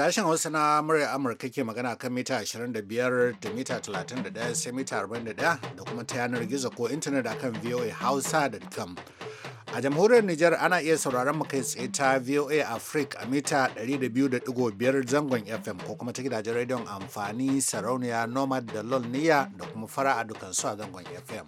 Sashen Hausa na murya Amurka ke magana kan mita 25 da mita 31 sai mita 41 da kuma ta yanar gizo ko intanet akan voahausa.com. A jamhuriyar Nijar ana iya sauraron mu kai tsaye ta VOA Africa a mita 200.5 zangon FM ko kuma ta gidajen rediyon amfani sarauniya Nomad da Lolniya da kuma fara a dukansu a zangon FM.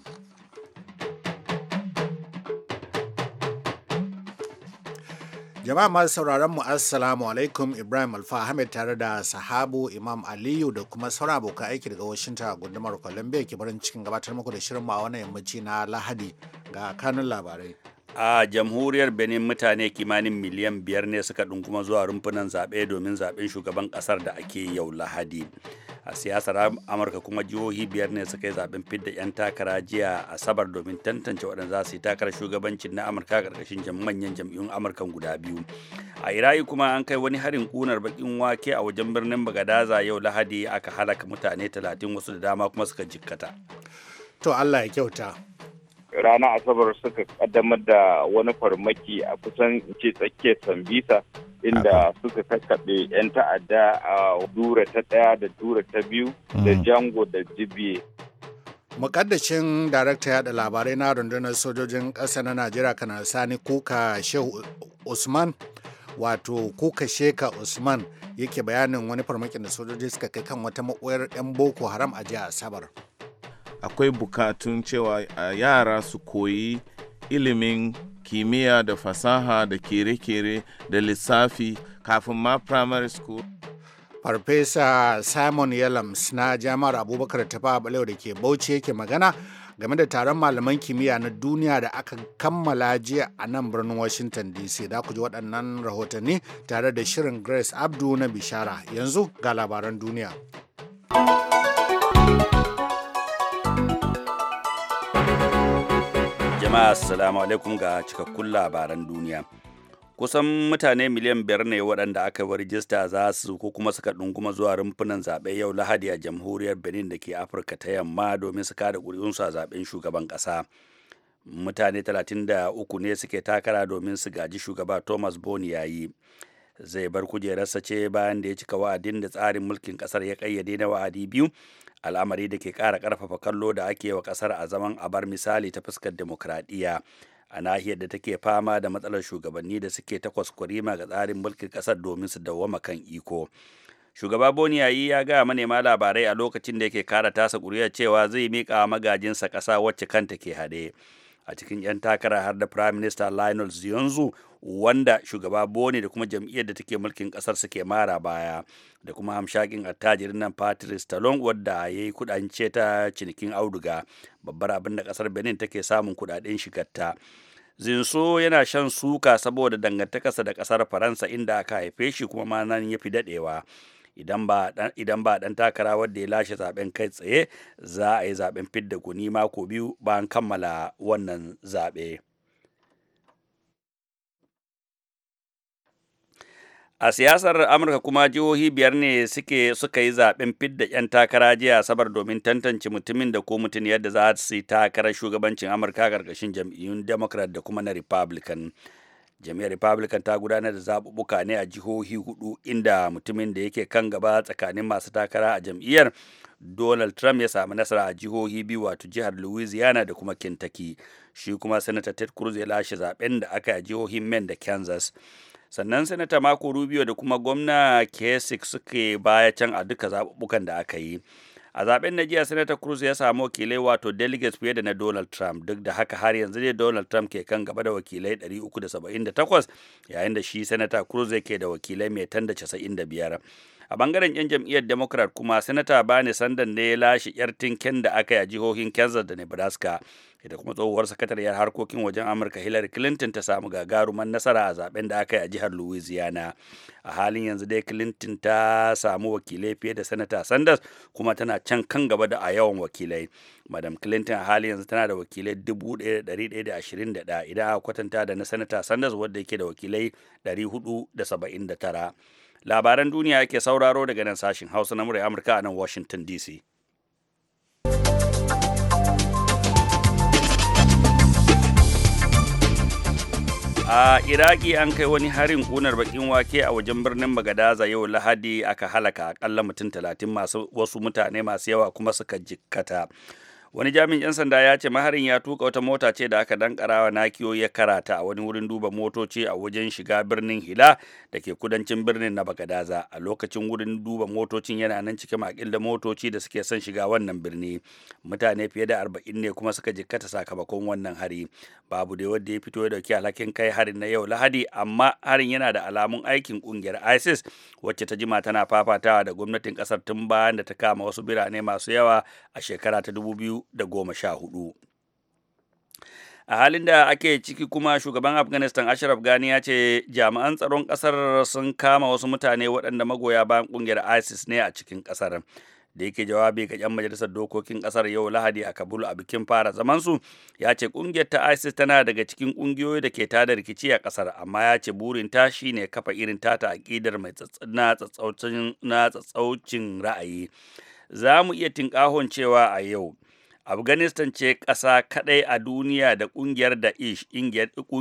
Jama'a masu sauraron mu assalamu alaikum Ibrahim Alfa Ahmed tare da sahabu Imam Aliyu da kuma sauran abokan aiki daga Washington a gundumar Columbia ke barin cikin gabatar muku da shirin ma wannan yammaci na Lahadi ga kanun labarai. A jamhuriyar Benin mutane kimanin miliyan biyar ne suka kuma zuwa rumfunan zaɓe domin zaɓen shugaban ƙasar da ake yau Lahadi. a siyasar amurka kuma jihohi biyar ne suka yi zaben fidda 'yan takara jiya asabar domin tantance waɗanda za su yi takarar shugabancin na amurka ƙarƙashin manyan jam'iyyun amurkan guda biyu a iraki kuma an kai wani harin ƙunar bakin wake a wajen birnin bagadaza yau lahadi aka halaka mutane talatin wasu da dama kuma suka jikkata to allah ya kyauta ranar asabar suka kaddamar da wani farmaki a kusan ce tsakiyar sambisa inda suka kakkaɓe 'yan ta'adda a dura ta ɗaya da dura ta biyu da mm. jango da jibiye. Mukaddashin darakta yada labarai na rundunar sojojin ƙasa na Najeriya kana sani kuka Shehu Usman wato kuka sheka Usman yake bayanin wani farmakin da sojoji suka kai kan wata makoyar 'yan Boko Haram a jiya Asabar. Akwai bukatun cewa yara su koyi ilimin kimiyya da fasaha da kere-kere da lissafi kafin ma primary school farfesa simon yalams na jami'ar abubakar tafa balewa da ke bauchi yake magana game da taron malaman kimiyya na duniya da aka kammala jiya a nan birnin washington dc da ku ji waɗannan rahotanni tare da shirin grace abdu na bishara yanzu ga labaran duniya jama'a assalamu alaikum ga cikakkun labaran duniya kusan mutane miliyan biyar ne waɗanda aka yi rijista za su ko kuma suka ɗunguma zuwa rumfunan zaɓe yau lahadi a jamhuriyar benin da ke afirka ta yamma domin su kada ƙuri'unsu a zaɓen shugaban ƙasa mutane 33 ne suke takara domin su gaji shugaba thomas boni ya yi zai bar kujerarsa ce bayan da ya cika wa'adin da tsarin mulkin kasar ya kayyade na wa'adi biyu al'amari da ke kara karfafa kallo da ake wa ƙasar a zaman bar misali ta fuskar demokradiyya a nahiyar da take fama da matsalar shugabanni da suke takwas kurima ga tsarin mulkin ƙasar domin su dawwama kan iko shugaba boni yayi ya ga manema labarai a lokacin da yake kara tasa kuriya cewa zai mika magajinsa ƙasa wacce kanta ke haɗe a cikin 'yan takara har da prime minister lionel zionzu wanda shugaba bone da kuma jam'iyyar da take mulkin kasar suke mara baya da kuma hamshakin attajirin nan patrice talon wadda ya yi kudance ta cinikin auduga babbar abin da kasar benin take samun kudaden shigarta zinso yana shan suka saboda dangantakarsa da kasar faransa inda aka haife shi kuma ma nan ya fi dadewa idan ba dan takara wadda ya lashe zaben kai tsaye za a yi zaben fidda guni mako biyu bayan kammala wannan zaɓe. a siyasar amurka kuma jihohi biyar ne suke suka yi zaɓen fidda 'yan takara jiya asabar domin tantance mutumin da ko mutum yadda za su yi takarar shugabancin amurka gargashin jam'iyyun democrat da kuma na republican jam'iyyar republican ta gudanar da zaɓuɓɓuka ne a jihohi hudu inda mutumin da yake kan gaba tsakanin masu takara a jam'iyyar donald trump ya samu nasara a jihohi biyu wato jihar louisiana da kuma kentucky shi kuma senator ted cruz ya lashe zaɓen da aka yi a jihohin maine da kansas sannan sanata mako rubio da kuma gwamna kesik suke baya can a duka zaɓuɓɓukan da aka yi a zaben na jiya sanata cruz ya samu wakilai wato delegates fiye da na donald trump duk da haka har yanzu ne donald trump ke kan gaba da wakilai 378 yayin da shi sanata cruz yake da wakilai mai tan da 95 a bangaren 'yan jam'iyyar democrat kuma sanata bani sandan ne ya lashe 'yar tinken da aka yi a jihohin kansas da nebraska ita kuma tsohuwar sakatariyar harkokin wajen amurka hillary clinton ta samu gagaruman nasara a zaben da aka yi a jihar louisiana a halin yanzu dai clinton ta samu wakilai fiye da sanata sanders kuma tana can kan gaba da a yawan wakilai madam clinton a halin yanzu tana da wakilai 1121 idan a kwatanta da na sanata sanders wadda yake da wakilai 479 labaran duniya yake sauraro daga nan sashin hausa na murai amurka a nan washington dc a iraki an kai wani harin kunar bakin wake a wajen birnin Magadaza yau lahadi aka halaka akalla mutum talatin masu wasu mutane masu yawa kuma suka jikkata wani jami'in 'yan sanda ya ce maharin ya tuka wata mota ce da aka dankarawa nakiyo ya karata a wani wurin duba motoci a wajen shiga birnin hila da ke kudancin birnin na bagadaza a lokacin wurin duba motocin yana nan cike makil da motoci da suke son shiga wannan birni mutane fiye da arba'in ne kuma suka jikkata sakamakon wannan hari babu dai wadda ya fito ya dauki alhakin kai harin na yau lahadi amma harin yana da alamun aikin kungiyar isis wacce ta jima tana fafatawa da gwamnatin kasar tun bayan da ta kama wasu birane masu yawa a shekara ta dubu biyu a halin da ake ciki kuma shugaban afghanistan ashraf gani ya ce jami'an tsaron kasar sun kama wasu mutane waɗanda magoya bayan ƙungiyar isis ne a cikin ƙasar da yake jawabi ga 'yan majalisar dokokin kasar yau lahadi a kabul a bikin fara zamansu ya ce ƙungiyar ta isis tana daga cikin kungiyoyi da ke tada rikici a kasar amma ya ce burin ta shine kafa irin tata aƙidar mai na tsatsaucin ra'ayi za mu iya tinƙahon cewa a yau afghanistan ce ƙasa kaɗai a duniya da ƙungiyar da ish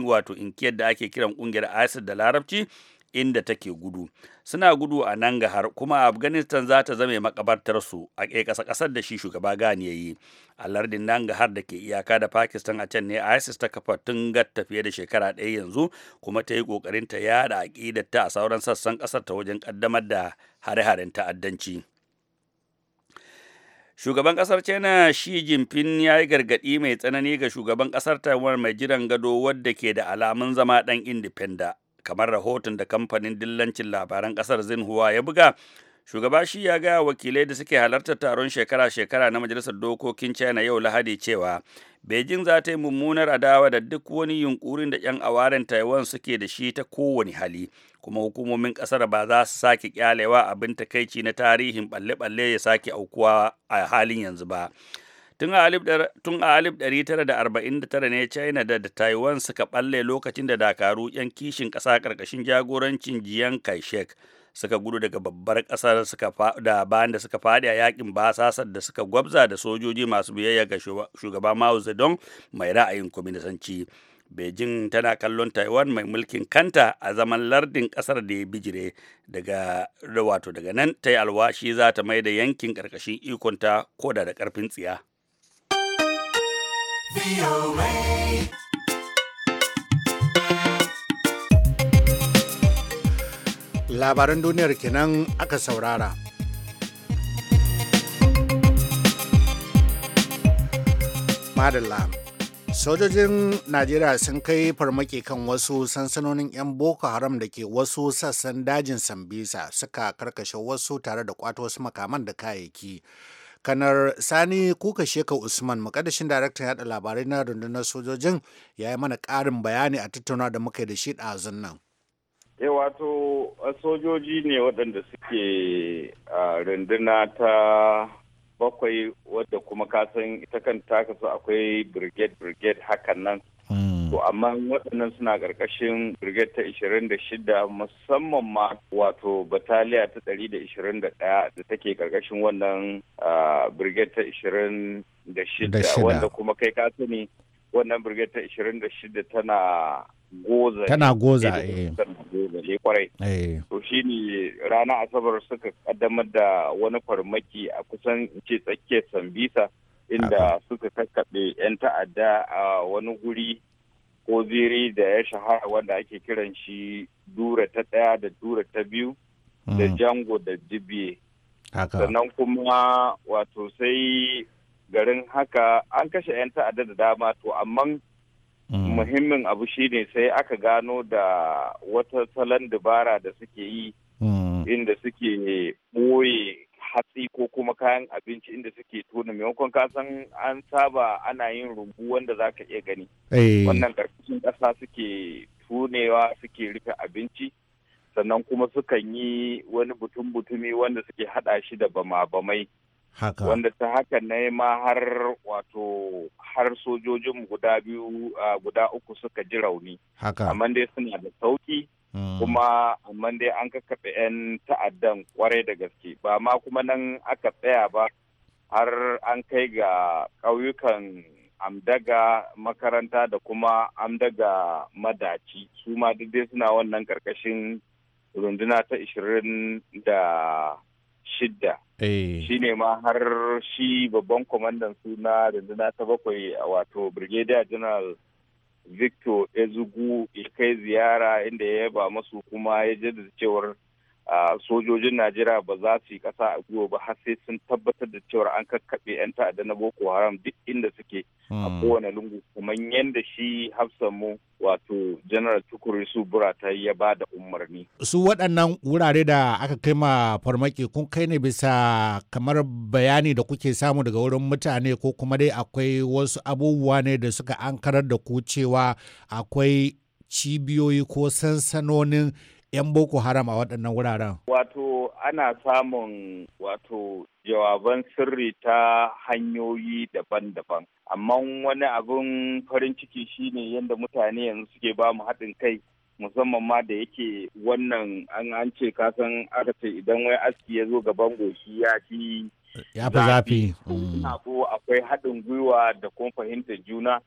wato inkiyar da ake kiran ƙungiyar isis da larabci inda take gudu suna gudu a nan gahar kuma afghanistan za ta zame makabartarsu a ƙasa ƙasar da shi shugaba gani ya yi a lardin nan gahar da ke iyaka da pakistan a can ne isis ta kafa tun gatta fiye da shekara ɗaya yanzu kuma ta yi ƙoƙarin ta yada aƙidar ta a sauran sassan ƙasar ta wajen ƙaddamar da hare-haren ta'addanci Shugaban kasar China Xi Jinping ya yi gargaɗi mai tsanani ga shugaban kasar Taiwan mai jiran gado wadda ke da alamun zama ɗan indifenda. Kamar rahoton da kamfanin dillancin labaran kasar Xinhua ya buga, shugaba shi ya gaya wakilai da suke halartar taron shekara-shekara na majalisar dokokin China yau Lahadi cewa Beijing za ta yi mummunar adawa da duk wani yunkurin da 'yan awaren Taiwan suke da shi ta kowane hali, kuma hukumomin ƙasar ba za su sake kyalewa abin takaici na tarihin balle-balle ya sake aukuwa a halin yanzu ba. Tun a 1949 ne China da, da Taiwan suka balle lokacin da dakaru 'yan kishin ƙasa ƙarƙashin jagorancin Jiang Kai-shek. suka gudu daga babbar ƙasar da bayan da suka faɗi a yakin basasar da suka gwabza da sojoji masu biyayya ga shugaba Mao Zedong mai ra'ayin kwaminisanci. Beijing tana kallon Taiwan mai mulkin kanta a zaman lardin ƙasar da ya bijire daga wato daga nan ta yi alwashi za ta mai da yankin ƙarƙashin ikonta koda da ƙarfin tsiya. labaran duniyar kenan aka saurara. Madalla. Sojojin Najeriya sun kai farmaki kan wasu sansanonin 'yan Boko Haram da ke wasu sassan dajin Sambisa suka karkashe wasu tare da kwato wasu makaman da kayayyaki. kanar sani kuka sheka usman makadashin daraktan yada labarai na rundunar sojojin ya yi mana ƙarin bayani a tattauna da muka yi da shi ɗazun nan eh wato sojoji ne waɗanda suke runduna ta bakwai wadda kuma kasan ita kan taka su akwai brigade brigade hakan nan hmm. to amma waɗannan suna ƙarƙashin brigade ta 26 musamman ma wato bataliya ta 121 da take ƙarƙashin wannan brigade ta 26 wanda kuma kai ka sani wannan birgit ta 26 tana goza eh, eh. tana goza eh kwarai eh. to shine rana asabar suka kaddamar da wani farmaki a kusan ce tsakiyar sambisa inda suka kakkaɓe 'yan ta'adda a wani guri ko ziri da ya shahara wanda ake kiran shi dura ta ɗaya da dura ta biyu da hmm. jango da dibiye. sannan kuma wato sai garin haka an kashe 'yan ta'adda da dama to amma mm. muhimmin abu shine sai aka gano da wata salon dubara da suke yi mm. inda suke ɓoye hatsi ko kuma kayan abinci inda suke tona maimakon kasan an saba ana yin rumbu wanda za ka iya gani eh. wannan karkashin ƙasa suke tunewa suke rufe abinci sannan kuma sukan yi wani butun-butumi wanda suke haɗa shi da bama-bamai Haka wanda ta hakan ne ma har wato har sojojin guda biyu guda uku suka ji rauni amma dai suna da sauki hmm. kuma amma dai an kakkaɓe 'yan ta'addan kwarai da gaske ba ma kuma nan aka tsaya ba har an kai ga ƙauyukan amdaga makaranta da kuma amdaga madaci su ma dai suna wannan ƙarƙashin runduna ta da shidda. Eh. shi ne ma har shi babban kwamandan suna rundunar ta bakwai wato brigadier general victor ezugu ya kai ziyara inda ya yaba masu kuma ya jaddada cewar sojojin najeriya ba za su yi ƙasa a gwiwa ba har sai sun tabbatar da cewa an kakkaɓe 'yan ta'adda na boko haram duk inda suke a hmm. kowane lungu kuma yadda shi hafsan mu wato general tukuri su yi ya ba da umarni su waɗannan wurare da aka kai ma farmaki kun kai ne bisa kamar bayani da kuke samu daga wurin mutane ko kuma dai akwai wasu abubuwa ne da suka ankarar da ku cewa akwai cibiyoyi ko sansanonin 'yan boko haram a waɗannan wuraren? Wato ana samun wato jawaban sirri ta hanyoyi daban-daban. Amma wani abin farin ciki shine yadda mutane yanzu suke ba mu haɗin kai musamman ma da yake wannan an an ce kasan aka ce idan wai aski ya zo gaban goshi ya fi ya fi zafi. Mm. Akwai haɗin gwiwa da kuma fahimtar juna.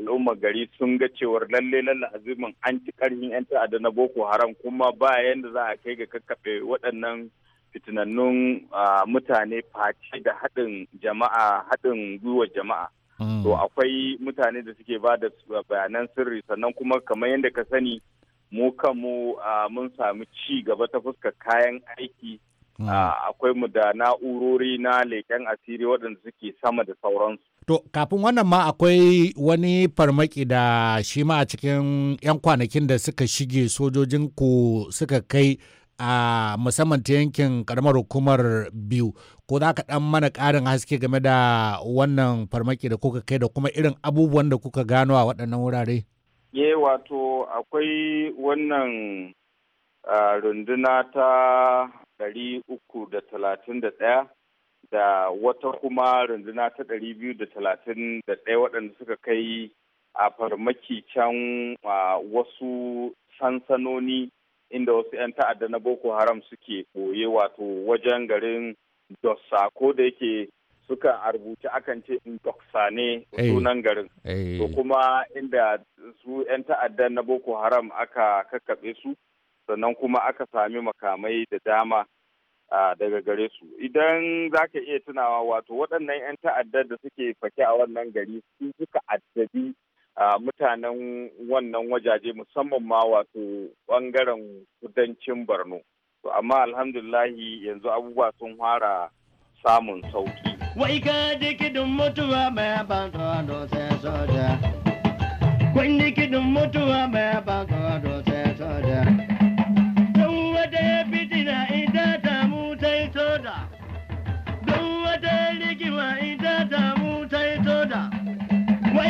al'ummar gari sun ga cewar lalle lalle azumin an ci karfin 'yan ta'adda na boko haram kuma ba yadda za a kai ga kakkaɓe waɗannan fitinannun mutane face da haɗin jama'a haɗin gwiwar jama'a mm. to akwai mutane da suke ba da bayanan sirri sannan kuma kamar yadda ka sani mu kanmu mun samu ci gaba ta fuska kayan aiki mm. akwai mu da na'urori na leƙen asiri waɗanda suke sama da sauransu To, kafin wannan ma akwai wani farmaki da shi ma a cikin 'yan kwanakin da suka shige sojojin ku suka kai a musamman ta yankin karamar hukumar biyu. Ko za ka ɗan mana karin haske game da wannan farmaki da kuka kai da kuma irin abubuwan da kuka gano a waɗannan wurare? Ye wato akwai wannan runduna ta 331 da wata kuma runduna ta ɗari biyu da talatin da ɗaya waɗanda suka kai a farmaki can wasu sansanoni inda wasu 'yan ta'adda na boko haram suke ɓoye wato wajen garin dosa ko da yake suka a akan ce doksa ne eh. sunan garin eh. to kuma inda su 'yan ta'adda na boko haram aka kakkaɓe su sannan kuma aka sami makamai da dama daga gare su idan za ka iya tunawa wato waɗannan 'yan ta'addar da suke fake a wannan gari su suka addabi mutanen wannan wajaje musamman ma wato ɓangaren kudancin borno to amma alhamdulahi yanzu abubuwa sun fara samun sauki wai ka dikidin mutuwa mai ban sai soja kun dikidin mutuwa mai ban sai soja dan wata fitina idata.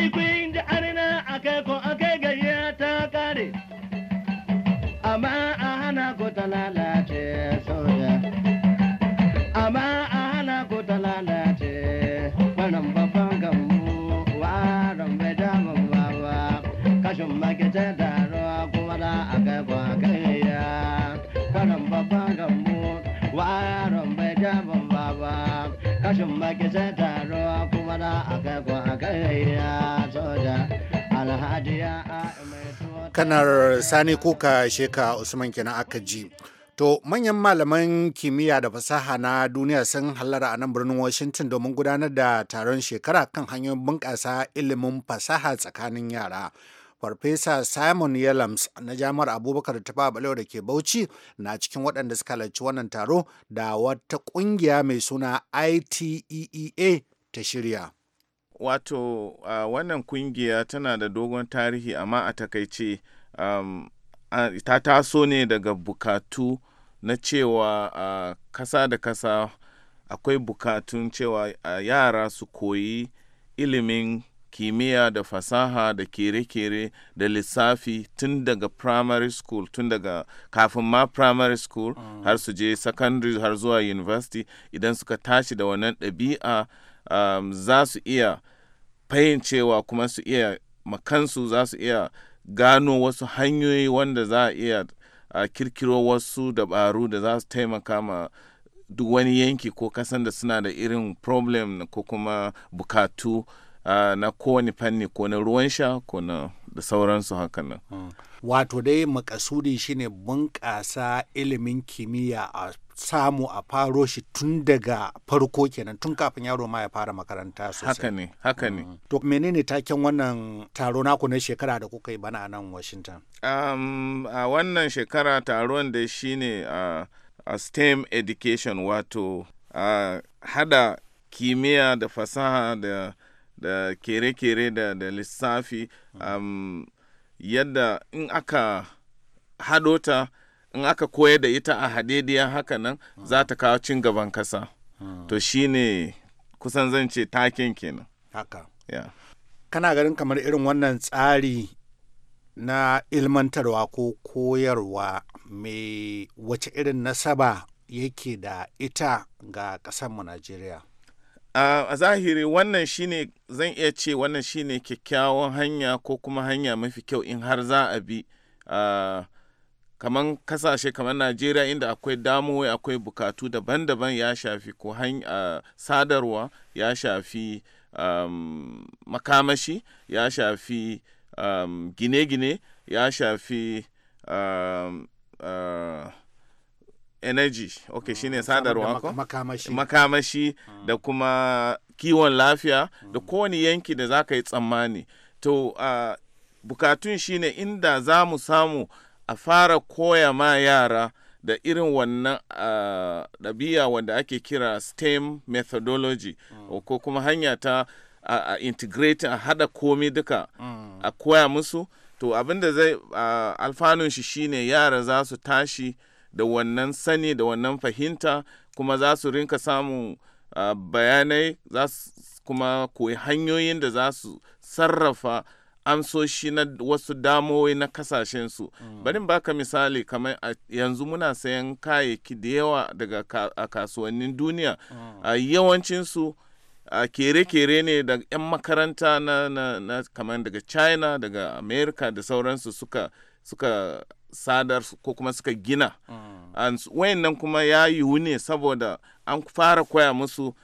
ai ji kare amma a hana ko ta lalace soja amma a hana ko ta lalace wannan babban gamu bai da ruwa kuma da wannan babban gamu bai damun kashin makita da ruwa kuma da kanar sani kuka sheka usman kina aka ji To manyan malaman kimiyya da fasaha na duniya sun hallara a nan birnin Washington domin gudanar da taron shekara kan hanyoyin bunƙasa ilimin fasaha tsakanin yara. Farfesa Simon Yelams na jami'ar Abubakar Tafa Balewa da ke Bauchi na cikin waɗanda suka halarci wannan taro da wata ƙungiya mai suna ITEEA ta shirya. wato uh, wannan kungiya tana da dogon tarihi amma a takaice um, ta taso ne daga bukatu na cewa uh, kasa da kasa akwai bukatun cewa uh, yara su koyi ilimin kimiyya da fasaha da kere-kere da lissafi tun daga primary school tun daga kafin ma primary school mm. har su je secondary har zuwa university idan suka tashi da wannan ɗabi'a um, za su iya fahimcewa kuma su iya makansu za su iya gano wasu hanyoyi wanda za a iya a kirkiro wasu dabaru da za su taimaka ma duk wani yanki ko kasan da suna da irin problem ko kuma bukatu Uh, na kowane fanni ko na ruwan sha ko na da sauransu haka nan. Wato dai makasudi shine bunƙasa ilimin kimiyya a samu a faro shi tun daga farko kenan tun kafin yaro ma ya fara makaranta sosai haka ne haka ne mm. to menene taken wannan taro naku na shekara da kuka yi bana nan Washington um, a wannan shekara taron da shine uh, a STEM education wato uh, hada kimiyya da fasaha da kere-kere da, da lissafi mm. um, yadda in aka hado ta in aka koyar da ita a hadediyan haka nan za ta kawo cin gaban kasa to shine kusan zan ce takin kenan haka ya kana ganin kamar irin wannan tsari na ilmantarwa ko koyarwa mai wace irin nasaba yake da ita ga ƙasarmu Najeriya? a zahiri wannan shine zan iya ce wannan shine kyakkyawan hanya ko kuma hanya mafi kyau in har za a bi uh, kamar kasashe kamar najeriya inda akwai damuwai akwai bukatu daban-daban ya shafi ko uh, sadarwa ya shafi um, makamashi ya shafi um, gine-gine ya shafi um, uh, energy ok ah, shine mm, sadarwa ko makamashi, makamashi mm. da kuma kiwon lafiya mm. da kowane yanki da za ka yi tsammani to uh, bukatun shine inda za mu samu a fara koya ma yara da irin wannan ɗabi'a wanda ake kira stem methodology mm. ko kuma hanya ta a uh, integrate a hada komi duka mm. a koya musu to abinda zai uh, alfanun shi shine yara za su tashi da wannan sani da wannan fahimta kuma za su rinka samun bayanai za su kuma koyi hanyoyin da za su sarrafa amsoshi na wasu damowai na kasashensu mm. barin baka misali kamar yanzu muna sayan kayayyaki da yawa daga ka, a kasuwannin duniya mm. a yawancinsu a kere-kere ne da 'yan makaranta na, na, na kamar daga china daga america da sauransu suka suka sadar ko kuma suka gina mm. wayannan kuma ya yiwu ne saboda an fara koya musu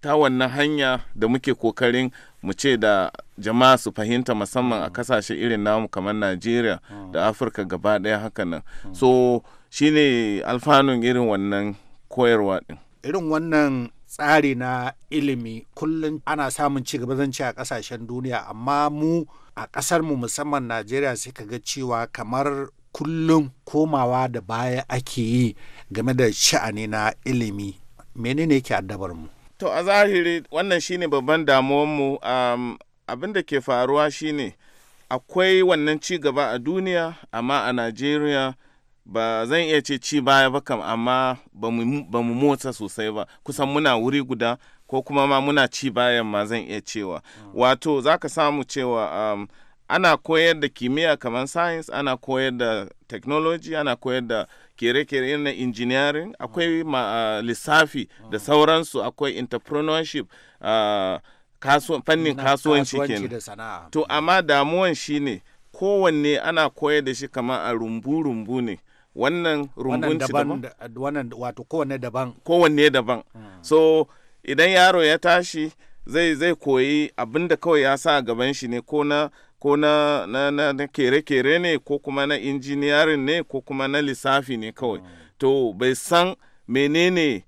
ta wannan hanya da muke kokarin mu ce da jama'a su fahimta musamman a mm. kasashe irin namu kamar najeriya da mm. afirka gaba ɗaya haka nan mm. so ne alfanun irin wannan koyarwa ɗin irin wannan tsari na ilimi kullum ana samun ci gaba zance a kasashen duniya amma mu a kasar mu musamman najeriya sai ka ga cewa kamar kullum komawa da baya ake yi game da sha'ani na ilimi menene yake addabar mu To a zahiri wannan shine babban damuwanmu um, abin da ke faruwa shine akwai wannan ci gaba a duniya amma a Najeriya ba zan iya ce ci baya ba kam amma ba mu motsa sosai ba kusan muna wuri guda ko kuma ma muna ci bayan ma zan iya cewa hmm. wato za ka samu cewa um, ana koyar da kimiyya kamar science ana koyar da technology ana koyar da kere-kere na engineering akwai uh, lissafi da sauransu akwai entrepreneurship uh, ah, kaso, fannin kasuwanci kenan to amma damuwan shine kowanne ana koyar da shi kamar a rumbu-rumbu ne wannan rumbunci daban wannan wato kowanne daban kowanne daban ah. so idan yaro ya tashi zai zai koyi abinda kawai ya sa gaban shi ne ko na ko na, kere-kere ne ko kuma na injiniyarin ne ko kuma na lissafi ne kawai mm. to bai san menene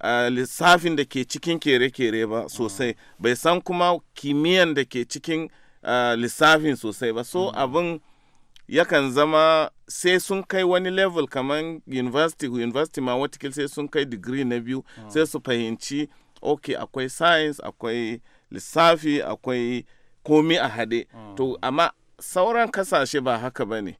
ah, lissafin da ke cikin kere-kere ba mm. sosai bai san kuma kimiyyan da ke cikin ah, lissafin sosai ba so mm. abin yakan zama sai sun kai wani level kamar university university ma watakil sai sun kai digiri na biyu sai su fahimci ok akwai science akwai lissafi akwai komi a haɗe mm. to amma sauran kasashe ba haka ba ne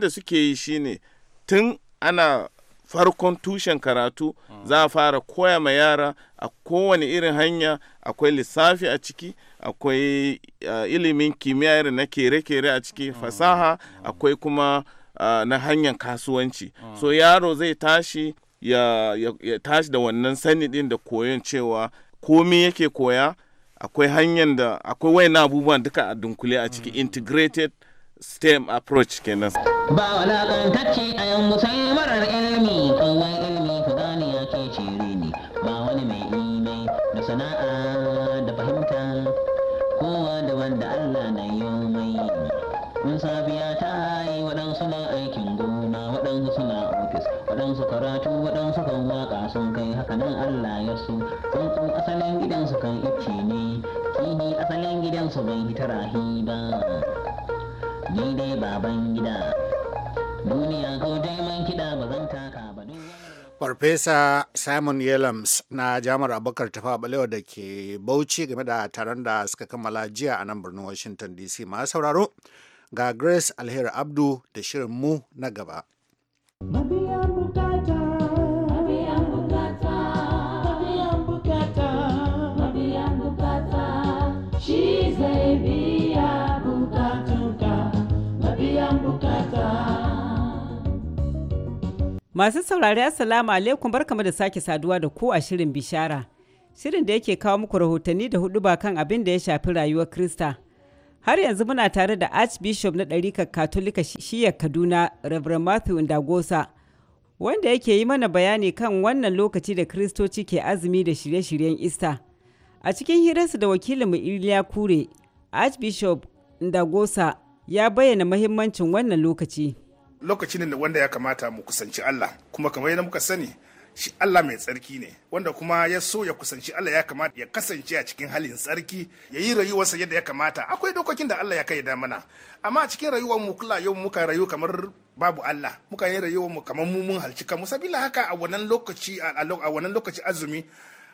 da suke yi shine tun ana farkon tushen karatu mm. za a fara koya ma yara a kowane irin hanya akwai lissafi a ciki akwai eh, ilimin kimiyya irin na kere-kere a ciki mm. fasaha akwai kuma eh, na hanyar kasuwanci so yaro zai tashi ya, tashi da wannan sani din da koyon cewa komi yake koya akwai hanyar da akwai wayan abubuwan duka a dunkule a ciki mm. integrated stem approach kenan ba wala kankacci a yan musayyar gidansu karatu waɗansu kan waƙa sun kai nan Allah ya su tsuntsun asalin gidansu kan ice ne kini asalin gidansu bai rahi ba ni dai baban gida duniya ko dai man kiɗa ba zan taka ba Farfesa Simon Yelams na Jami'ar abokar Tafa Balewa da ke Bauchi game da taron da suka kammala jiya a nan birnin Washington DC. Masu sauraro ga Grace Alheri Abdu da shirin mu na gaba. Mabiyar Masu saurari Assalamu alaikum barkamu da sake saduwa da ku a shirin bishara. Shirin da yake kawo muku rahotanni da hudu ba kan abin da ya shafi rayuwar Krista. Har yanzu muna tare da Archbishop na ɗarikar Katolika shiyar Kaduna, Reverend Matthew Ndagosa, wanda yake yi mana bayani kan wannan lokaci da Kristoci ke azumi da shirye-shiryen Ista. A cikin hirarsa da wakilinmu Iliya Kure, Archbishop Ndagosa ya bayyana mahimmancin wannan lokaci. lokaci ne wanda ya kamata mu kusanci Allah kuma kamar yadda muka sani shi Allah mai tsarki ne wanda kuma ya so ya kusanci Allah ya kamata ya kasance a cikin halin tsarki ya yi rayuwarsa yadda ya kamata akwai dokokin da Allah ya kai da mana amma a cikin rayuwar mu kula yau muka rayu kamar babu Allah muka yi rayuwar mu kamar mu mun halci kamu sabila haka a wannan lokaci a wannan lokaci azumi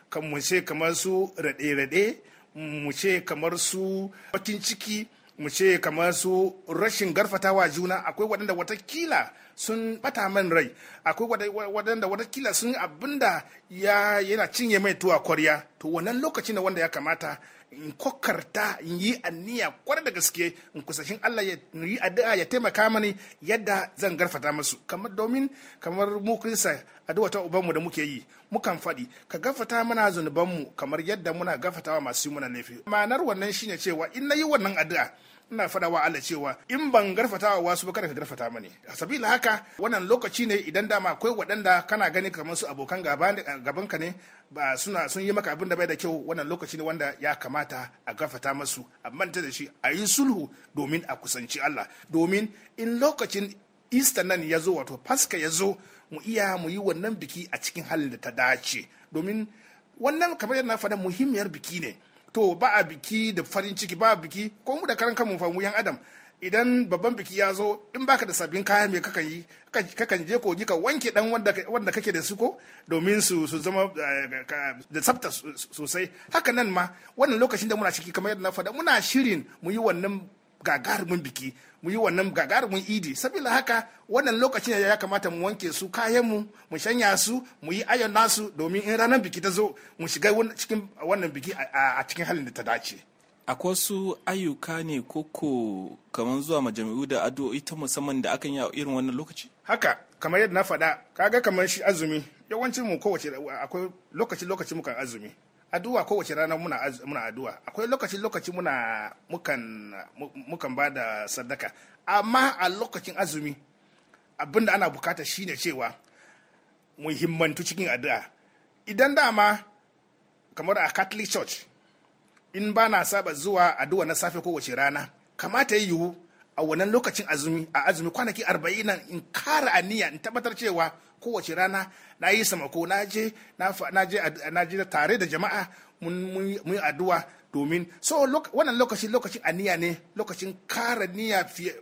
kan mu ce kamar su rade-rade mu ce kamar su bakin ciki mu ce kamar su rashin garfatawa juna akwai waɗanda watakila sun bata man rai akwai waɗanda watakila sun abinda ya yana cinye mai tuwa kwarya to wannan lokaci ne wanda ya kamata in kokarta in yi anniya kwar da gaske in kusashin Allah ya yi addu'a ya taimaka mani yadda zan garfata masu kamar domin kamar mu kirista addu'a ta ubanmu da muke yi mukan faɗi ka gafata mana zunubanmu kamar yadda muna gafatawa masu muna laifi ma'anar wannan shine cewa in na yi wannan addu'a ina faɗa wa Allah cewa in ban garfata wa wasu ba kada ka garfata mani sabila haka wannan lokaci ne idan dama akwai waɗanda kana gani kamar su abokan gaban ka ne ba suna sun yi maka abin da bai da kyau wannan lokaci ne wanda ya kamata a gafata masu a manta da shi a yi sulhu domin a kusanci Allah domin in lokacin Easter nan ya zo wato Pasca ya zo mu iya mu yi wannan biki a cikin halin da ta dace domin wannan kamar yadda na faɗa muhimmiyar biki ne to ba a biki da farin ciki ba biki ko mu da karan kanmu fa mu yan adam idan babban biki ya zo in baka da sabbin kaya me kakan yi kakan je kogi ka wanke dan wanda kake da su ko domin su zama eh, da tsafta sosai haka nan ma wannan lokacin da muna ciki kamar yadda na faɗa muna shirin mu yi wannan gagarumin biki mu yi wannan gagarumin idi saboda haka wannan lokacin ya kamata mu wanke su kayanmu mu shanya su mu yi ayon nasu domin in ranar biki ta zo mu shiga cikin wannan biki a cikin halin da ta dace akwai su ayyuka ne koko kamar zuwa majami'u da addu'o'i ta musamman da akan yi a irin wannan lokaci haka kamar yadda na faɗa kaga kamar shi azumi yawancin mu kowace akwai lokaci lokaci mukan azumi addu'a kowace rana muna muna addu'a akwai lokaci lokaci muna mukan mukan bada sadaka amma a lokacin azumi abinda ana bukata shine cewa muhimmantu cikin addu'a idan dama kamar a catholic church in ba na saba zuwa addu'a na safe kowace rana kamata ya yiwu a wannan lokacin azumi a azumi kwanaki arba'in nan in kara aniya in tabbatar cewa kowace rana na yi samako na je na je tare da jama'a mun yi addu'a domin so wannan lokacin lokacin aniya ne lokacin kara niya fiye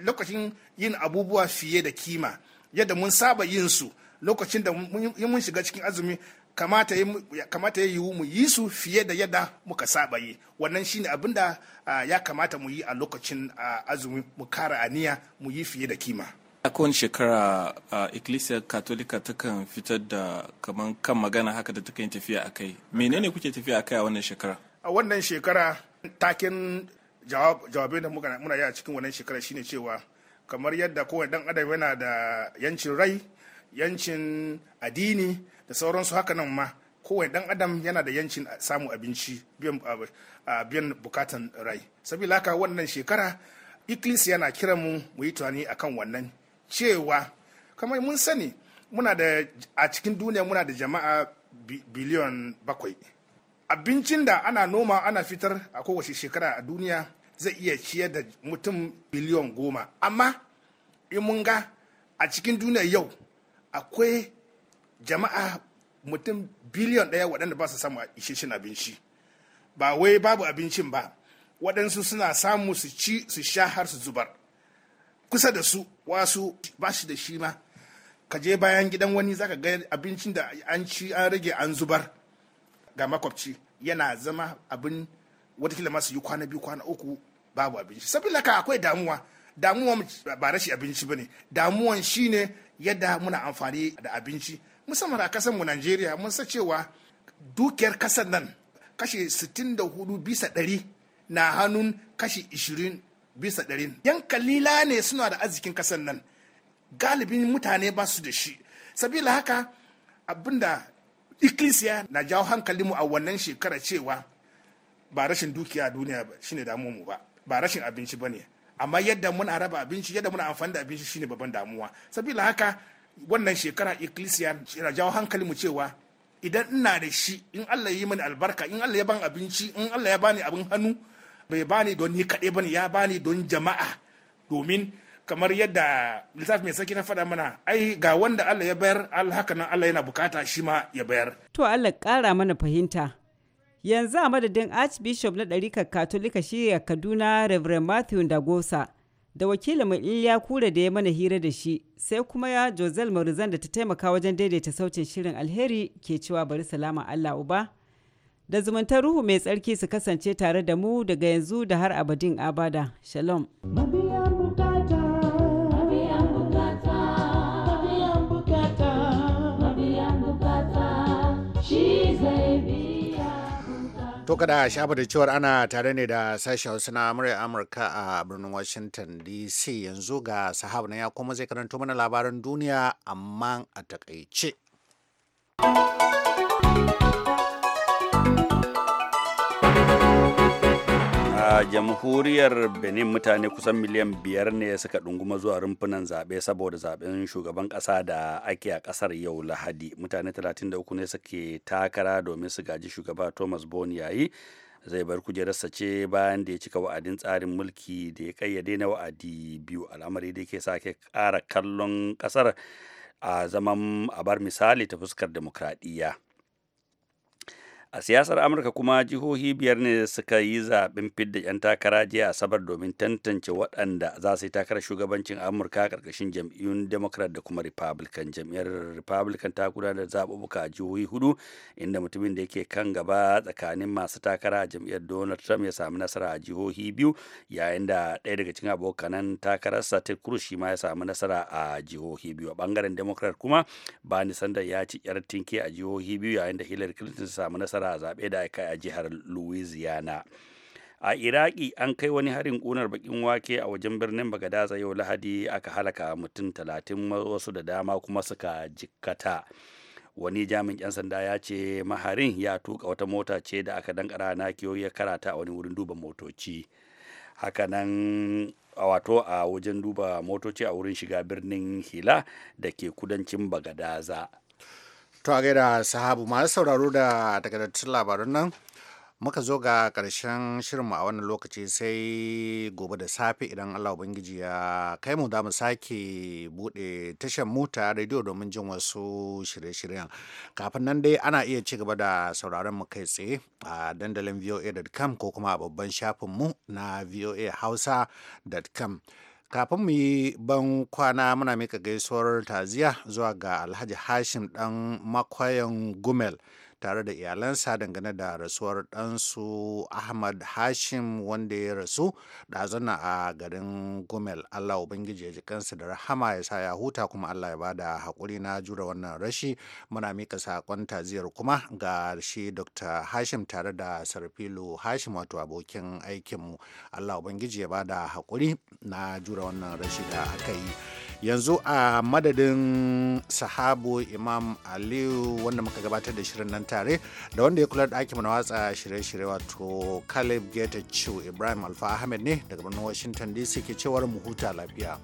lokacin yin abubuwa fiye da kima yadda mun saba yin su lokacin da mun shiga cikin azumi kamata ya yiwu mu yi su fiye da yadda muka saba yi wannan shine abin da ya kamata mu yi a lokacin azumi mu kara aniya mu yi fiye da kima a kowane shekara a ecclesia katolika takan fitar da kaman kan magana haka da takan tafiya a kai menene kuke tafiya a kai a wannan shekara a wannan shekara takin jawabai da muna yi a cikin wannan shekara shine cewa kamar yadda kowane dan adam yana da yancin rai yancin addini da sauransu haka nan ma kowane dan adam yana da yancin samun abinci biyan bukatan rai saboda haka wannan shekara iklis yana kiran mu mu yi tunani akan wannan cewa kamar mun sani muna da a cikin duniya muna da jama'a biliyon bakwai abincin da ana noma ana fitar a kowace shekara a duniya zai iya ciyar da mutum biliyan goma amma in mun ga a cikin duniya yau akwai jama'a mutum biliyon ɗaya waɗanda ba su samu isheshen abinci ba wai babu abincin ba waɗansu suna samu su ci su sha har su zubar kusa da su wasu ba shi da shi ma ka je bayan gidan wani zaka ga abincin da an ci an rage an zubar ga makwabci yana zama abin watakila masu yi kwana biyu kwana uku babu abinci saboda ka akwai damuwa damuwa ba rashin abinci ba ne damuwan shine yadda muna amfani da abinci musamman a kasar mu Najeriya mun sa cewa dukiyar kasar nan kashi 64 bisa ɗari na hannun kashi 20 bisa ɗari. Yan kalila ne suna da arzikin kasar nan galibin mutane ba su da shi. Sabila haka abinda ikkilisiya na jawo hankalinmu a wannan shekara cewa ba rashin dukiya a duniya shi shine damuwa ba ba rashin abinci ba ne amma yadda muna raba abinci yadda muna amfani da abinci shine babban damuwa sabila haka wannan shekara ecclesia yana jawo hankali mu cewa idan ina da shi in Allah yi mini albarka in Allah ya ban abinci in Allah ya bani abin hannu bai bani don ni kaɗai bane ya bani don jama'a domin kamar yadda lissafi mai sarki na faɗa mana ai ga wanda Allah ya bayar Allah haka nan Allah yana bukata shi ma ya bayar. To Allah ƙara mana fahimta. Yanzu a madadin Archbishop na ɗarikar Katolika shirya Kaduna Reverend Matthew Dagosa da wakilin ya kura da ya mana hira da shi sai kuma ya Jozel Marizan da ta taimaka wajen daidaita sautin shirin alheri ke cewa bari salama Allah uba da zumunta ruhu mai tsarki su kasance tare da mu daga yanzu da har abadin abada shalom To kada shafa da cewar ana tare ne da sashen Hausa na murya Amurka a birnin Washington DC yanzu ga sahab na ya kuma zai karanto mana labaran duniya amma a takaice. a jamhuriyar benin mutane kusan miliyan biyar ne suka ɗunguma zuwa rumfunan zaɓe saboda zaɓen shugaban ƙasa da ake a ƙasar yau lahadi mutane 33 ne suke takara domin su gaji shugaba thomas bon yayi zai bar kujerarsa ce bayan da ya cika wa'adin tsarin mulki da ya kayyade na wa'adi biyu al'amari da ke sake ƙara kallon ƙasar a zaman abar misali ta fuskar demokradiyya a siyasar amurka kuma jihohi biyar ne suka yi zaɓen fidda 'yan takara jiya asabar domin tantance waɗanda za su yi takarar shugabancin amurka ƙarƙashin jam'iyyun democrat da kuma republican jam'iyyar republican ta gudanar da zaɓuɓɓuka a jihohi hudu inda mutumin da yake kan gaba tsakanin masu takara a jam'iyyar donald trump ya sami nasara a jihohi biyu yayin da ɗaya daga cikin abokanan takararsa ted cruz shi ma ya samu nasara a jihohi biyu a ɓangaren democrat kuma bani sanda ya ci yar tinke a jihohi biyu yayin da hillary clinton ta sami nasara nasara a zaɓe da aka a jihar louisiana a iraki an kai wani harin ƙunar bakin wake a wajen birnin bagadaza yau lahadi aka halaka mutum talatin wasu da dama kuma suka jikkata wani jami'in 'yan sanda ya ce maharin ya tuka wata mota ce da aka dankara na kiyoyi ya karata a wani wurin duba motoci hakanan a wato a wajen duba motoci a wurin shiga birnin hila da ke kudancin bagadaza to a gaida sahabu masu sauraro da takardattun labarun nan muka zo ga ƙarshen shirinmu a wannan lokaci sai gobe da safe idan allah ubangiji ya kai mu da mu sake buɗe tashar mota rediyo domin jin wasu shirye-shiryen kafin nan dai ana iya ci gaba da sauraron mu kai tsaye a dandalin voa.com ko kuma a babban shafinmu na voahausa.com kafin mu yi ban kwana muna mika gaisuwar taziya zuwa ga alhaji hashim dan makwayan gumel tare da iyalansa dangane da rasuwar ɗansu ahmad hashim wanda ya rasu ɗazana a garin gomel allah ubangiji ya ji kansa da rahama ya sa ya huta kuma allah ya ba da haƙuri na jure wannan rashi muna mika saƙon taziyar kuma ga shi dr hashim tare da sarfilu hashim wato abokin aikinmu allah ubangiji ya ba da haƙuri na jure wannan rashi da aka yi yanzu a madadin sahabu imam aliyu wanda muka gabatar da shirin nan tare da wanda ya kula da ɗakin watsa shirye-shirye wato Caleb Geta Chu Ibrahim Alfa Ahmed ne daga birnin Washington DC ke cewar mu huta lafiya.